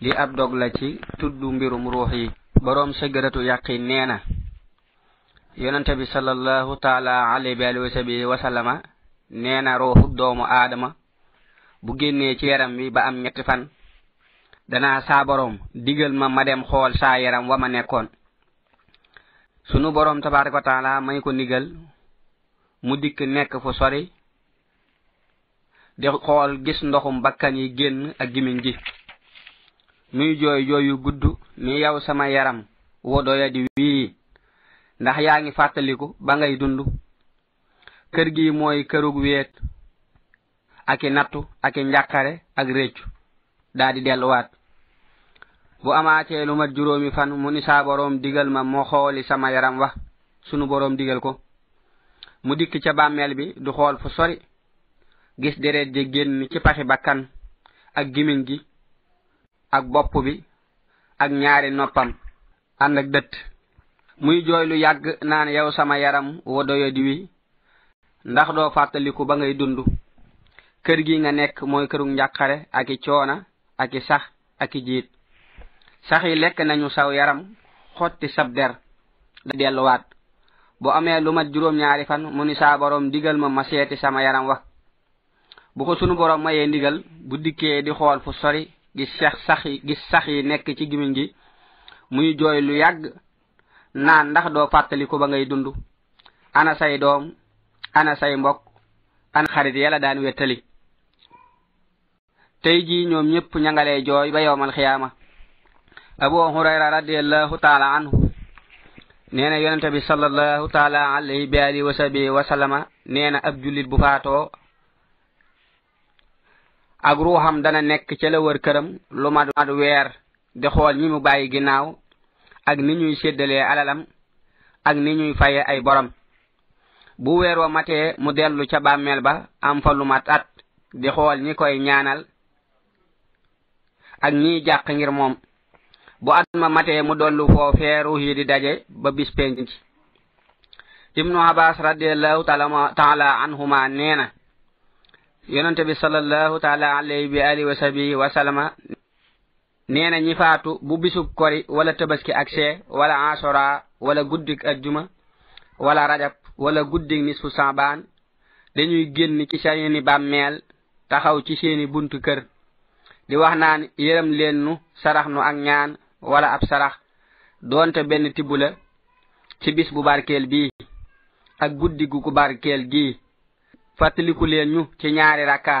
li ab dog la ci tuddu mbirum ruux yi borom sagaratu yaqin neena yonante bi sallallahu taala alayhi wa sallama neena ruuxu doomu aadama bu génnee ci yaram wi ba am ñetti fan saa borom digal ma ma dem xool saa yaram wa ma nekkoon sunu borom tabaraka taala may ko ndigal mu dikk nekk fu sori di xool gis ndoxum bakkan yi génn ak muy jooy jooy yu gudd ni yow sama yaram wodoya di wii ndax yaa ngi fàttaliku ba ngay dund kër gi mooy kërug weet aki nattu aki njàqare ak réccu daa delluwaat bu amaatee lu mat juróomi fan mu ni saa boroom digal ma moo xooli sama yaram wa sunu boroom digal ko mu dikk ca bàmmeel bi du xool fu sori gis deret ji génn ci paxi bakkan ak gimiñ gi ak bopp bi ak ñaari noppam ànd ak dëtt muy jooy lu yàgg naan yow sama yaram wa doyadi wi ndax doo fàttaliku ba ngay dund kër gi nga nekk mooy këru njàqare ak i coona ak i sax ak i jiit sax yi lekk nañu saw yaram xotti sab der da delluwaat bu amee lu mat juróom-ñaari fan mu ni saa boroom digal ma ma seeti sama yaram wa bu ko sunu boroom mayee ndigal bu dikkee di xool fu sori gis sax gis sax yi nekk ci gimiñ gi muy jooy lu yàgg naan ndax doo fàttaliku ba ngay dund ana say doom ana say mbokk ana xarit yàlla daan wettali tey jii ñoom ñëpp ñangalee jooy ba yowmal xiyaama abu hurayra radiallahu taala anhu nee bi sallallahu taala alayhi ab jullit bu faatoo ak ruuxam dana nekk ca la këram lu mat weer di xool ñi mu bàyyi ginnaaw ak ni ñuy séddalee alalam ak ni ñuy fay ay borom bu weer wa matee mu dellu ca bàmmeel ba am fa lu mat at di xool ñi koy ñaanal ak ñiy jàq ngir moom bu at ma matee mu dollu foofee ruux yi di daje ba bis penc ibnu abbas radiallahu taala anhuma nee na yonente bi sallallahu taala bi alihi wa sahbihi wa salama nee na bu bisu kori wala tabaski ak wala asora wala guddik ajjuma wala rajab wala guddik nisfu saabaan dañuy génn ci seeni bàmmeel taxaw ci seeni buntu kër di wax naan yërëm leen nu sarax nu ak ñaan wala ab sarax doonte benn tibb ci bis bu barkeel bii ak guddi gu ku barkeel fàttaliku leen ñu ci ñaari rakka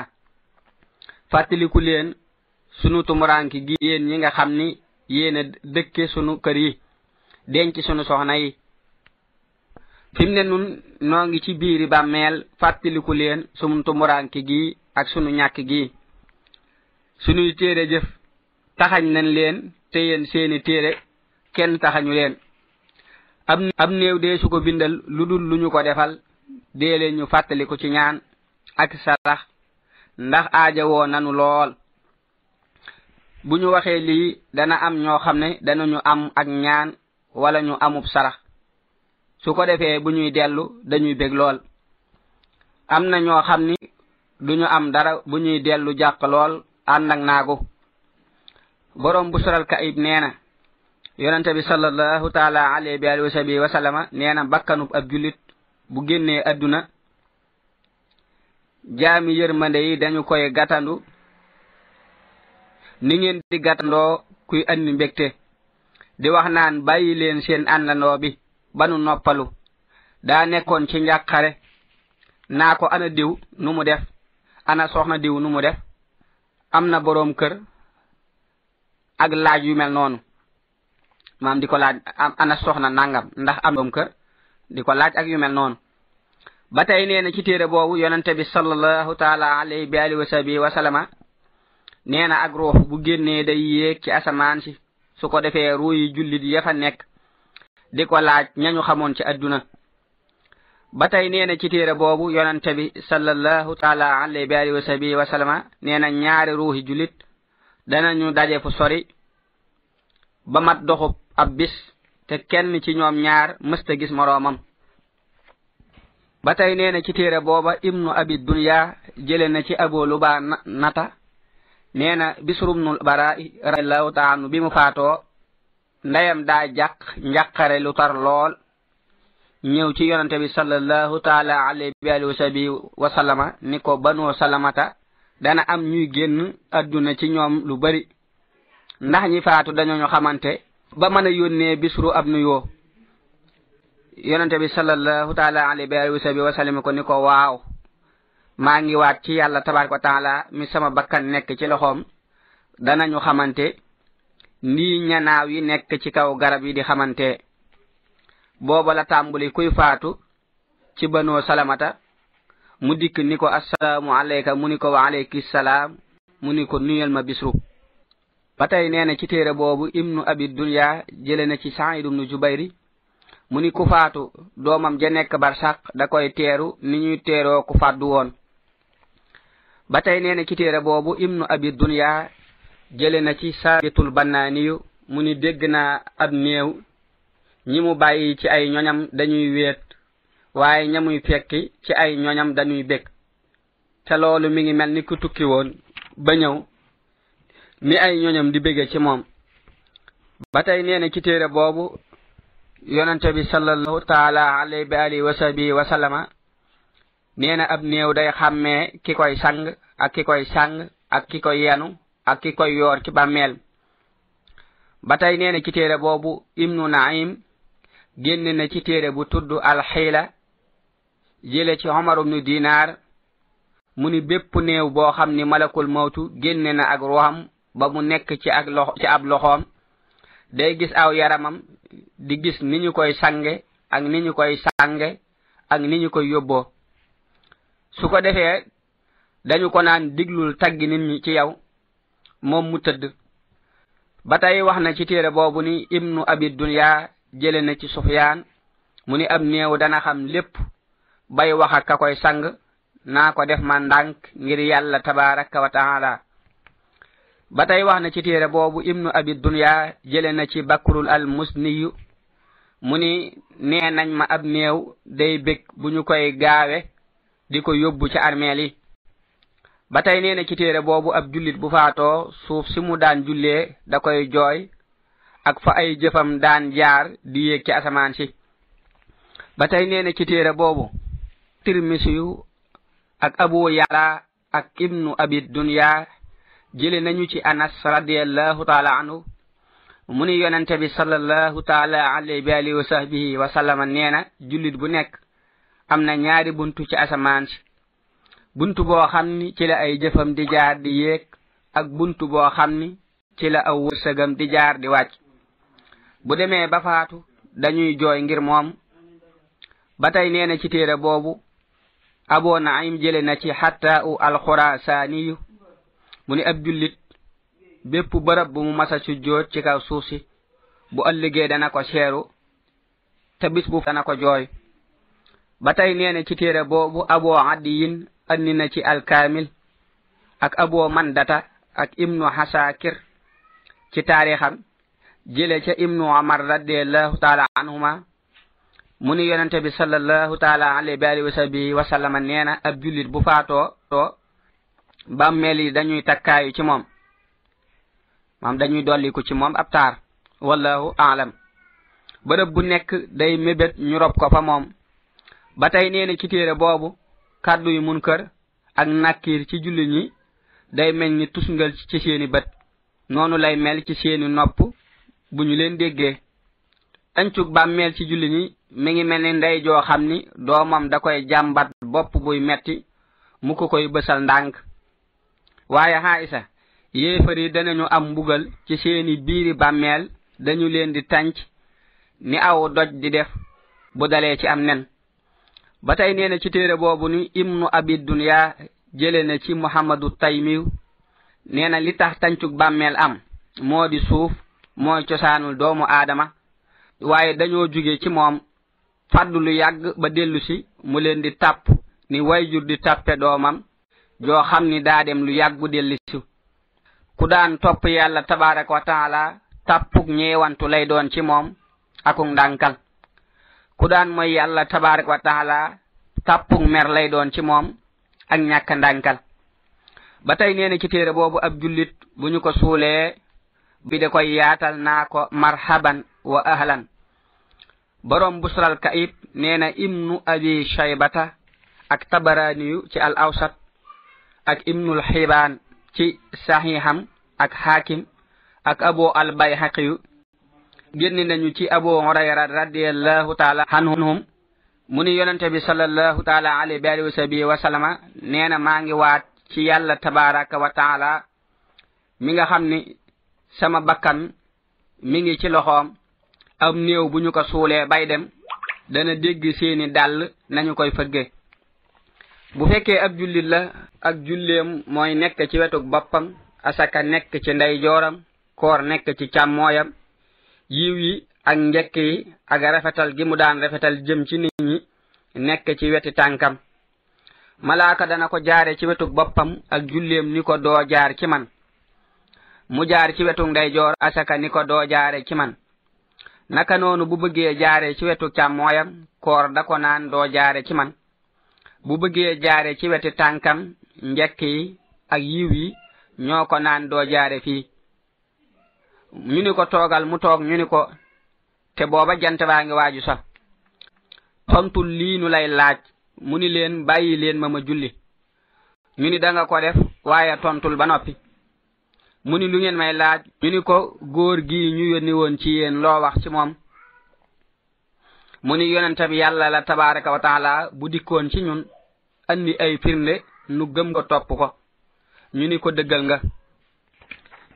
fàttaliku leen sunu tumuranki gi yéen ñi nga xam ni yéen dëkke sunu kër yi denc sunu soxna yi fi mu ne nun noo ngi ci biiri bàmmeel fàttaliku leen sunu tumuranki gi ak sunu ñàkk gi sunuy téere jëf taxañ nañ leen te yéen seeni téere kenn taxañu leen am néew dee su ko bindal lu dul lu ñu ko defal dee leen ñu fàttaliku ci ñaan ak sarax ndax aajawoo nanu lool bu ñu waxee lii dana am ñoo xam ne ñu am ak ñaan walla ñu amub sarax su ko defee bu ñuy dellu dañuy bég lool am na ñoo xam ni ñu am dara bu ñuy dellu jàq lool ànd ak naagu boroom bu sural kayib nee na yonente bi sallallahu taala alayhi wa sallama nee na bakkanub ab jullit bu génnee àdduna jaami yërmande yi dañu koy gàttandu ni ngeen di gàttandoo kuy andi mbégte di wax naan bàyyi leen seen àndandoo bi ba nu noppalu daa nekkoon ci njàqare naa ko ana diw nu mu def ana soxna diw nu mu def am na boroom kër ak laaj yu mel noonu maam di ko laaj ana soxna nangam ndax am boroom kër di ko laaj ak yu mel noonu ba tey nee ci téere boobu yonente bi sallallahu taala alayhi bi alihi wa sahbihi nee na ak ruux bu génnee day yéeg ci asamaan si su ko defee ruux jullit ya fa nekk di ko laaj ñañu xamoon ci adduna ba tey nee na ci téere boobu yonente bi sallallahu taala alayhi bi alihi wa sahbihi nee na ñaari ruuxi jullit danañu daje fu sori ba mat ab bis te kenn ci ñoom ñaar mësta gis moroomam ba tey nee na ci téere booba ibnu abi dunya jële na ci abu luba nata nee na bisrubnul bara'i radiallahu taala bi mu faatoo ndeyam daa jàq njàqare lu tar lool ñëw ci yonante bi sallallahu taala alayhi am ñuy génn adduna ci ñoom lu bari ndax ñi faatu dañoo xamante ba mën a yónnee bisru ab nuyoo yonente bi sallallahu taala alayhi bi alihi wa sallam ko ni ko waaw maa ngi waat ci yàlla tabaaraka wa taala mi sama bakkan nekk ci loxoom danañu xamante nii ñanaaw yi nekk ci kaw garab yi di xamante booba la tàmbuli kuy faatu ci banoo salaamata mu dikk ni ko assalaamu alayka mu ni ko wa alayki salaam mu ni ko nuyal ma bisru ba tey nee na ci téere boobu ibnu abi dunya jële na ci saïd ibnu jubayri mu ni kufaatu doomam ja nekk barsaq da koy teeru ni ñuy teeroo ku faddu woon ba tey nee na ci téere boobu ibnu abi dunya jële na ci saabitul bannaaniyu mu ni dégg naa ab néew ñi mu bàyyi ci ay ñoñam dañuy wéet waaye ña muy fekki ci ay ñoñam dañuy bég te loolu mi ngi mel ni ku tukki woon ba ñëw mi ay ñoñam di bége ci moom ba tey nee na ci téere boobu yonente bi salallahu taala alay bi alii wasabi wasalama nee na ab néew day xàmmee ki koy sàng ak ki koy sàng ak ki koy yenu ak ki koy yoor ci bàmmeel ba tey nee na ci téere boobu ibnu naim génne na ci téere bu tudd alxiila jële ci homar ubnu dinaar mu ni bépp néew boo xam ni malakul mawtu génne na ak ruxam ba mu nekk ci ak ab loxoom day gis aw yaramam di gis ni ñu koy sange ak ni ñu koy sange ak ni ñu koy yóbboo su ko defee dañu ko naan diglul taggi nit ñi ci yow moom mu tëdd ba tey wax na ci téere boobu ni ibnu abi dunya jële na ci sufyaan mu ni ab néew dana xam lépp bay wax ka koy sang naa ko def ma ndànk ngir yàlla tabaraka wa taala ba tey wax na ci téere boobu ibnu abi dunya jële na ci bakrul al musniyu mu ni nee nañ ma ab néew day bég bu ñu koy gaawe di ko yóbbu ci armeel yi ba tey nee na ci téere boobu ab jullit bu faatoo suuf si mu daan jullee da koy jooy ak fa ay jëfam daan jaar di yéeg ci asamaan si ba tey nee na ci téere boobu tirmisiyu ak abu yara ak ibnu abid dunya jële nañu ci anas radiallahu taala anhu mu ni yonente bi salallahu taala alayhi bi alihi wa nee na jullit bu nekk am na ñaari bunt ci asamaan bunt buntu boo xam ni ci la ay jëfam di jaar di yéeg ak bunt boo xam ni ci la aw wërsëgam di jaar di wàcc bu demee ba faatu dañuy jooy ngir moom ba tey nee na ci téere boobu abu naim jële na ci xatta u alxurasaaniyu mu ni ab jullit bépp barab mu masa ci kaw suuf si bu ëllëgee dana ko seeru te bis bu dana ko jooy ba tey nee ci téere boobu aboo addiyin andi ci alkaamil ak aboo mandata ak ibnu hasakir ci taarixam jële ca ibnu amar radiallahu taala anhuma mu ni yonente bi sallallahu taala alayhi wa alihi wa ab jullit bu faatoo bàmmeel yi dañuy takkaayu ci moom maam dañuy dolliku ci moom ab taar wallahu alam bërëb bu nekk day mébét ñu rob ko fa moom ba tey nee na ci téere boobu kàddu yi mun kër ak nàkkiir ci jullit ñi day mel ni tusngal ci seeni bët noonu lay mel ci seeni nopp bu ñu leen déggee ëncug bàmmeel ci julli ñi mi ngi mel ni ndey joo xam ni doomam da koy jàmbat bopp buy metti mu ko koy bësal ndànk waaye xaayisa yéefar yi danañu am mbugal ci seeni biiri bàmmeel dañu leen di tànc ni aw doj di def bu dalee ci am nen ba tey nee na ci téere boobu ni ibnu abi dunya jële na ci muhammadu taymiw nee na li tax tàncug bàmmeel am moo di suuf mooy cosaanu doomu aadama waaye dañoo jóge ci moom fàddu lu yàgg ba dellusi mu leen di tàpp ni wayjur di tàppe doomam joo xam ni daa dem lu yàggu dellisu ku daan topp yàlla tabaraka wa taala tàppuk ñeewantu lay doon ci moom akuk ndànkal ku daan moy yàlla tabaraka wa taala tàppuk mer lay doon ci moom ak ñàkk ndànkal ba tey nee ci téere boobu ab jullit bu ñu ko suulee bi de koy yaatal naa ko marhaban wa ahlan boroom busral kaib nee ibnu abi shaybata ak tabaraaniyu ci al awsat ak ibnul xibaan ci saxiixam ak xaakim ak abu al bayhaqiyu génn nañu ci abu hurayra radiallahu taala anhum mu ni yonente bi salallahu taala bi alihi wa sabi wa nee na maa ngi waat ci yàlla tabaraka wa taala mi nga xam ni sama bakkan mi ngi ci loxoom am néew bu ñu ko suulee bay dem dana dégg seeni dàll nañu koy fëgge bu fekkee ab jullit la ak julleem mooy nekk ci wetug bappam asaka nekk ci ndey jooram koor nekk ci càmmooyam yiw yi ak njekk yi ak rafetal gi mu daan rafetal jëm ci nit ñi nekk ci weti tànkam malaaka dana ko jaare ci wetug boppam ak julleem ni ko doo jaar ci man mu jaar ci wetu ndey joor asaka ni ko doo jaare ci man naka noonu bu bëggee jaare ci wetu càmmooyam koor da ko naan doo jaare ci man bu bëggee jaare ci weti tànkam njekk yi ak yiw yi ñoo ko naan doo jaare fii ñu ni ko toogal mu toog ñu ni ko te booba jant baa ngi waaju sa tontul lii nu lay laaj mu ni leen bàyyi leen ma ma julli ñu ni danga ko def waaye tontul ba noppi mu ni lu ngeen may laaj ñu ni ko góor gii ñu yónni woon ci yéen loo wax ci moom mu ni yonente bi yàlla la tabaaraka wa taala bu dikkoon ci ñun andi ay firnde nu gëm ko topp ko ñu ni ko dëggal nga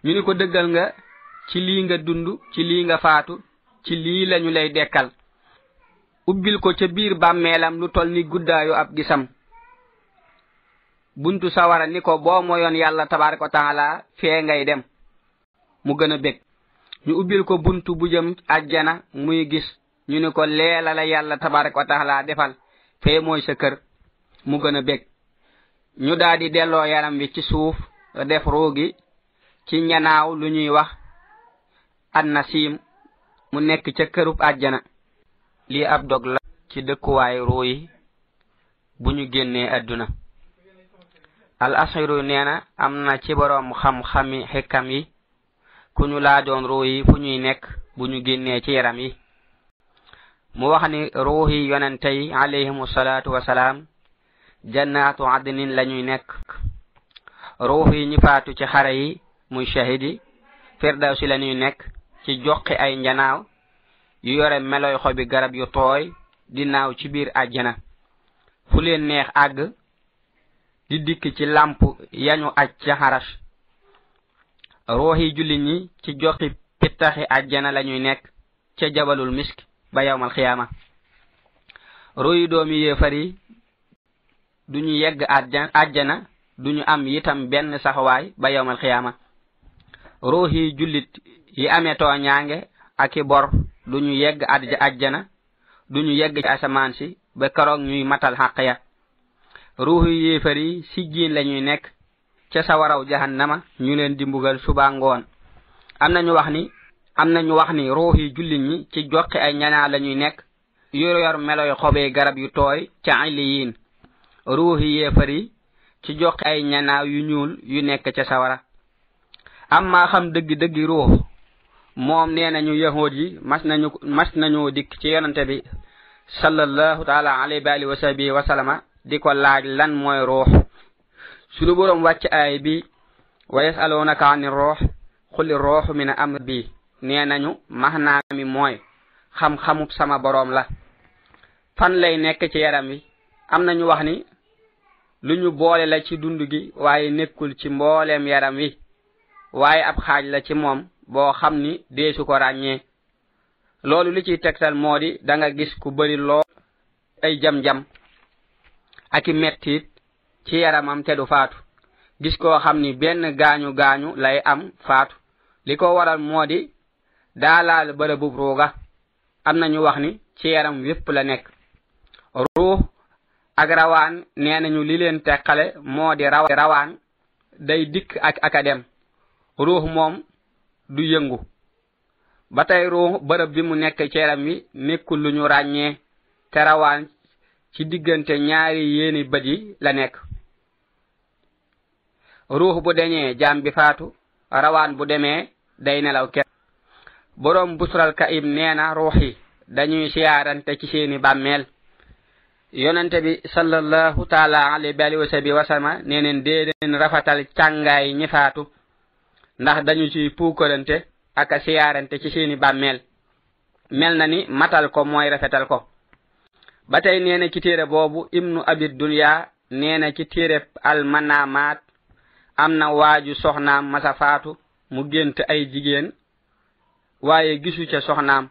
ñu ni ko dëggal nga ci lii nga dund ci lii nga faatu ci lii lañu lay dekkal ubbil ko ca biir bàmmeelam lu toll ni guddaayu ab gisam buntu sawara ni ko boo moyoon yàlla tabaaraka wa taala fee ngay dem mu gën a bég ñu ubbil ko buntu bu jëm àjjana muy gis ñu ni ko leela la yàlla tabaaraka wa taala defal fee mooy sa kër mu gën a bég ñu daa di delloo yaram wi ci suuf def ruugi ci ñanaaw lu ñuy wax adna siim mu nekk ca kërub àjjana lii ab dog la ci dëkkuwaay ruu yi bu ñu génnee àdduna al asiru nee na am na ci boroom xam-xami xikam yi ku ñu laa doon ruu yi fu ñuy nekk bu ñu génnee ci yaram yi mu wax ni ruuxi yonente yi alayhimu salaatu wasalaam jannaatu adnin lañuy nekk ruux yi ñu ci xare yi muy shahid yi firdawsi nekk ci joqi ay njanaaw yu yore meloy xobi garab yu tooy di naaw ci biir àjjana fu leen neex àgg di dikk ci làmp yañu aj ci xaras ruuxi jullit ñi ci joqi pittaxi àjjana lañuy nekk ca jabalul misk ba yawmal xiyaama ruuyi doomi yéefar yi duñu yegg àjjana duñu am yitam benn saxawaay ba yowmal xiyaama ruux jullit yi amee tooñaange ak i bor duñu yegg àjjana duñu yegg ci asamaan si ba keroog ñuy matal xàq ya ruuxu yéefar yi sijjiin lañuy nekk ca sawaraw jahannama ñu leen di mbugal suba ngoon am nañu wax nañu wax ni ruux yi jullit ñi ci joqi ay ñanaa lañuy nekk yor yor meloy xobee garab yu tooy ca illiyin ruuxi yéefar yi ci joxe ay ñanaaw yu ñuul yu nekk ca sawara amma xam dëgg-dëggi ruux moom nee nañu yahood yi mas nañu mas dikk ci yonante bi sallallahu taala alayhi wa alihi wa sahbihi di ko laaj lan mooy ruux sunu boroom wàcc ay bi wa yasalunaka ani ruux xuli ruux min am bi nee nañu maxnaa mi mooy xam-xamub sama boroom la fan lay nekk ci yaram wi am nañu wax ni lu ñu boole la ci dund gi waaye nekkul ci mbooleem yaram wi waaye ab xaaj la ci moom boo xam ni deesu ko ràññee loolu li ciy tegtal moo di danga gis ku bari lool ay jam-jam aki i mettit ci yaramam te du faatu gis koo xam ni benn gaañu-gaañu lay am faatu li ko waral moo di daalaal bërëbub ruuga am na ñu wax ni ci yaram wépp la nekk ruux ak rawaan nee nañu li leen teqale moo di rawa rawaan day dikk ak akadem ruux moom du yëngu ba tey ruux bërëb bi mu nekk ceeram wi nekkul lu ñu ràññee te rawaan ci diggante ñaari yéeni bët yi la nekk ruux bu deñee jaam bi faatu rawaan bu demee day nelaw ke borom busral ka ib nee na ruux yi dañuy siyaarante ci seeni bàmmeel yonente bi sallallahu taala alayhi bi alihi wa sahbi wasama nee neen déedéen rafatal càngaay ñi faatu ndax dañu ci puukarante ak a siyaarante ci seeni bàmmeel mel na ni matal ko mooy rafetal ko ba tey nee ci téere boobu ibnu abid dunya nee na ci téere almanamaat am na waaju soxnaam masa faatu mu gént ay jigéen waaye gisu ca soxnaam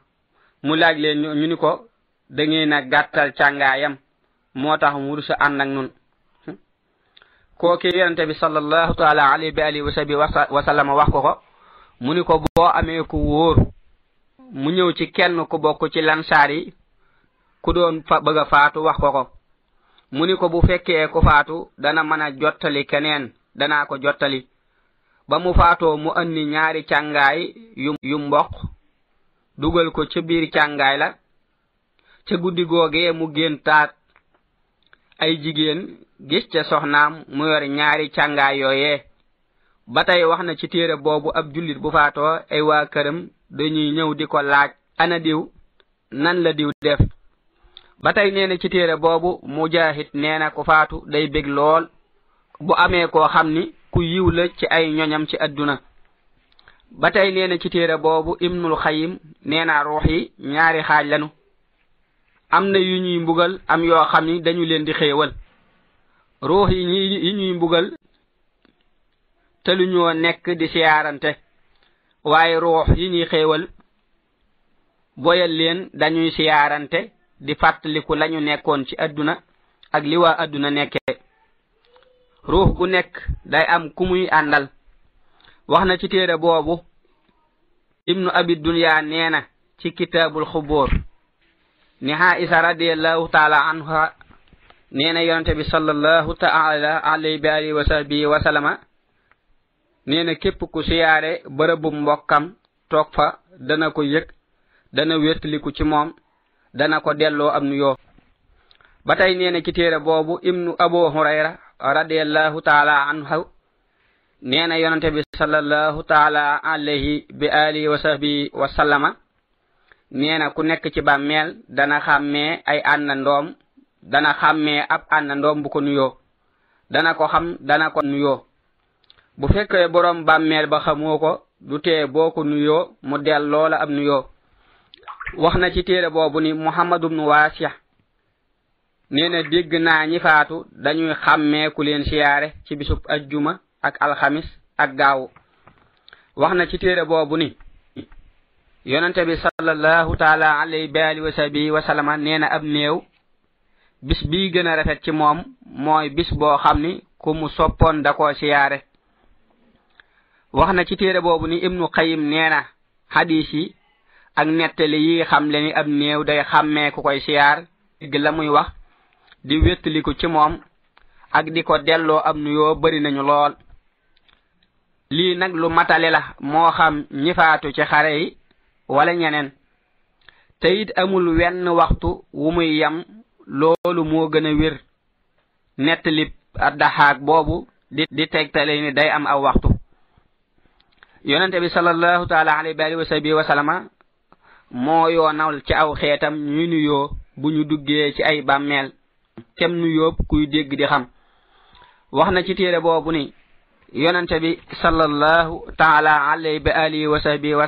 mu laaj leen ñu ni ko da ngeen a gàttal càngaayam moo tax mu wursa ànd ak nun kooke yonente bi salallahu taala alayhi bi alihi wasabi wasalama wax ko ko mu ni ko boo amee ku wóor mu ñëw ci kenn ku bokk ci lansaar yi ku doon fa bëgg a faatu wax ko ko mu ni ko bu fekkee ku faatu dana mën a jottali keneen danaa ko jottali ba mu faatoo mu andi ñaari càngaay yu yu mboq dugal ko ca biir càngaay la ca guddi googee mu génn taat ay jigéen gis ca soxnaam mu yor ñaari càngaay yooyee ba tey wax na ci téere boobu ab jullit bu faatoo ay waa këram dañuy ñëw di ko laaj ana diw nan la diw def ba tey nee ci téere boobu mujaahid nee na ku faatu day bég lool bu amee ko xam ni ku yiw la ci ay ñoñam ci àdduna ba tey nee ci téere boobu ibnul xayim nee na ruux yi ñaari xaaj lañu am na yu ñuy mbugal am yoo xam ni dañu leen di xéewal ruux yi ñuy yi mbugal te lu ñoo nekk di siyaarante waaye ruux yi ñuy xéewal boyal leen dañuy siyaarante di fàttaliku lañu nekkoon ci àdduna ak li waa àdduna nekkee ruux gu nekk day am ku muy àndal wax na ci téere boobu ibnu abi dunya nee na ci kitaabul xuboor ni Aïsa radiallahu taala anha nee na yonente bi sallallahu taala alayhi bi alihi wa sahbihi wa sallama képp ku siyaare barabu mbokkam toog fa dana ko yëg dana wéttaliku ci moom dana ko delloo am nuyoo ba tey nee na ci téere boobu ibnu abu hurayra radiallahu taala anhu nee na yonente bi sallallahu taala alayhi bi alihi wa sahbihi nee na ku nekk ci bàmmeel dana xàmmee ay àndandoom dana xàmmee ab àndandoom bu ko nuyoo dana ko xam dana ko nuyoo bu fekkee boroom bàmmeel ba xamoo ko du tee boo ko nuyoo mu del loola ab nuyoo wax na ci téere boobu ni muhammadu bnu waasiya nee na dégg naa ñi faatu dañuy xàmmee ku leen siyaare ci bisub juma ak alxamis ak gaawu wax na ci téere boobu ni yonente bi sallallahu taala alayhi bi alihi wa sahbihi na ab néew bis bi gën a rafet ci moom mooy bis boo xam ni ku mu soppoon da siyaare wax na ci téere boobu ni ibnu xayim nee na xadiis yi ak nettali yi xam le ab néew day xàmmee ku koy siyaar la muy wax di wéttaliku ci moom ak di ko delloo ab nuyoo bari nañu lool lii nag lu matale la moo xam ñi ci xare yi wala ñeneen te it amul wenn waxtu wu muy yam loolu moo gën a wér nettali addaxaak boobu di di tegtale ni day am aw waxtu yonente bi sallallahu taala alayhi wa alihi wa sahbihi moo yoonal ci aw xeetam ñu nuyoo bu ñu duggee ci ay bàmmeel kem nuyoob kuy dégg di xam wax na ci téere boobu ni yonente bi sallallahu taala alayhi bi alihi wa sahbihi wa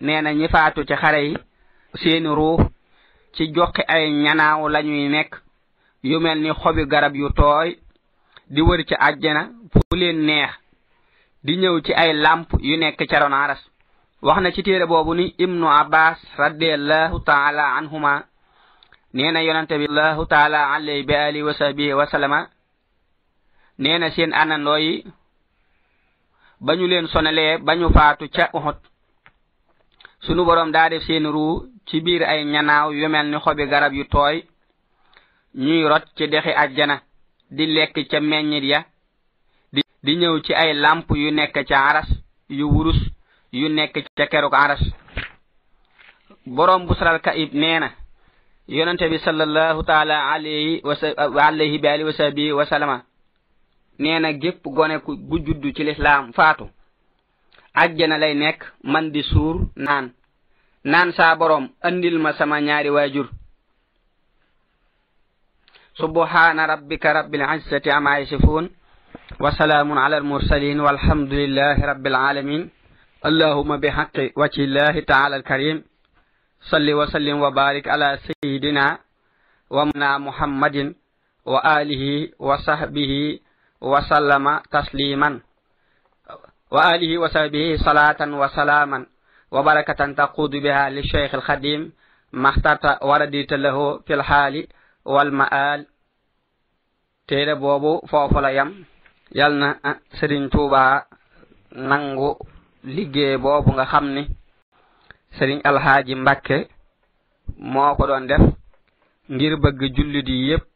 nee na ñi faatu ci xare yi seeni ruux ci joxe ay ñanaaw lañuy nekk yu mel ni xobi garab yu tooy di wër ci àjjana fu leen neex di ñëw ci ay làmp yu nekk ca aras wax na ci téere boobu ni ibnu abbas radiallahu taala anhuma nee na yonente taala alayhi bi alihi wa sahbihi seen àndandoo ba ñu leen sonalee ba ñu faatu ca Uhud sunu boroom daa def seen ruu ci biir ay ñanaaw yu mel ni xobi garab yu tooy ñuy rot ci dexi ajjana di lekk ca meññit ya di ñëw ci ay làmp yu nekk ca aras yu wurus yu nekk ca keruk aras boroom busral kaib nee na yonente bi sallallahu taala alayhi wa alayhi wa sahbihi nee na gépp gone gu juddu ci lislaam faatu àjjana lay nekk man di suur naan naan saa boroom andil ma sama ñaari waajur subhaana rabbika rabbil izzati amaa yasifuun wa salaamun ala almursalin walhamdulillahi rabbil alamin allahuma bi haqqi wajhillahi taala alkarim salli wa sallim wa barik ala sayidina wa mna muhammadin wa alihi wa sahbihi wasallama tasliman wa alihi wa sahbihi salatan wa salaaman wa barakatan taquudu biha li cheikh alxadim maxtarta waradita lahu fi lxaali walmaal téere boobu foofu yam yal na ah, sëriñ tuuba nangu liggéey boobu nga xam ni sëriñ alxaaji mbakke moo ko doon def ngir bëgg jullit yi yépp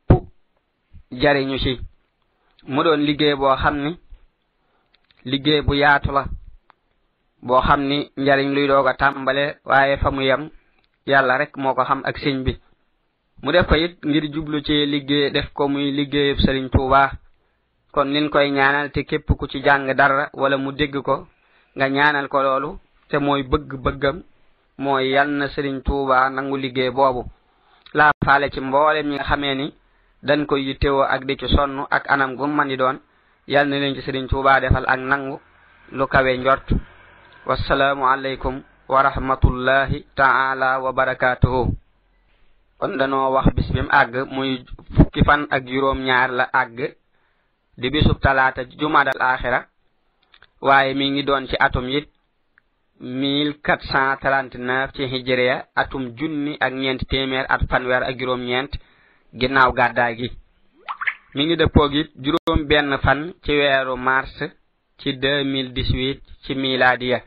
jariñu ci mu doon liggéey boo xam ni liggéey bu yaatu la boo xam ni njariñ luy doog a tàmbale waaye fa mu yem yàlla rek moo ko xam ak sëñ bi mu def ko it ngir jublu ci liggéey def ko muy liggéeyub sëriñ tuuba kon nin koy ñaanal te képp ku ci jàng dara wala mu dégg ko nga ñaanal ko loolu te mooy bëgg bëggam mooy yal na sëriñ tuuba nangu liggéey boobu laa faale ci mboolem ñi nga xamee ni dañ koy yittewoo ak di ci sonn ak anam gu man di doon yàlla na leen ci sëriñ Tuubaa defal nangu lu kawe njort wasalaamu aleykum wa rahmatullahi taala wa barakaatuhu danoo wax bis bi muy fukki fan ak juróom-ñaar la àgg di bisub talaata jumaadal axira waaye mi ngi doon ci atum it mille quatre cent ci hijriya atum junni ak ñeent téeméer at fanweer ak juróom-ñeent ginnaaw gàddaay gi mu ngi dëppoog it juróom benn fan ci weeru mars ci 2018 ci milaadiya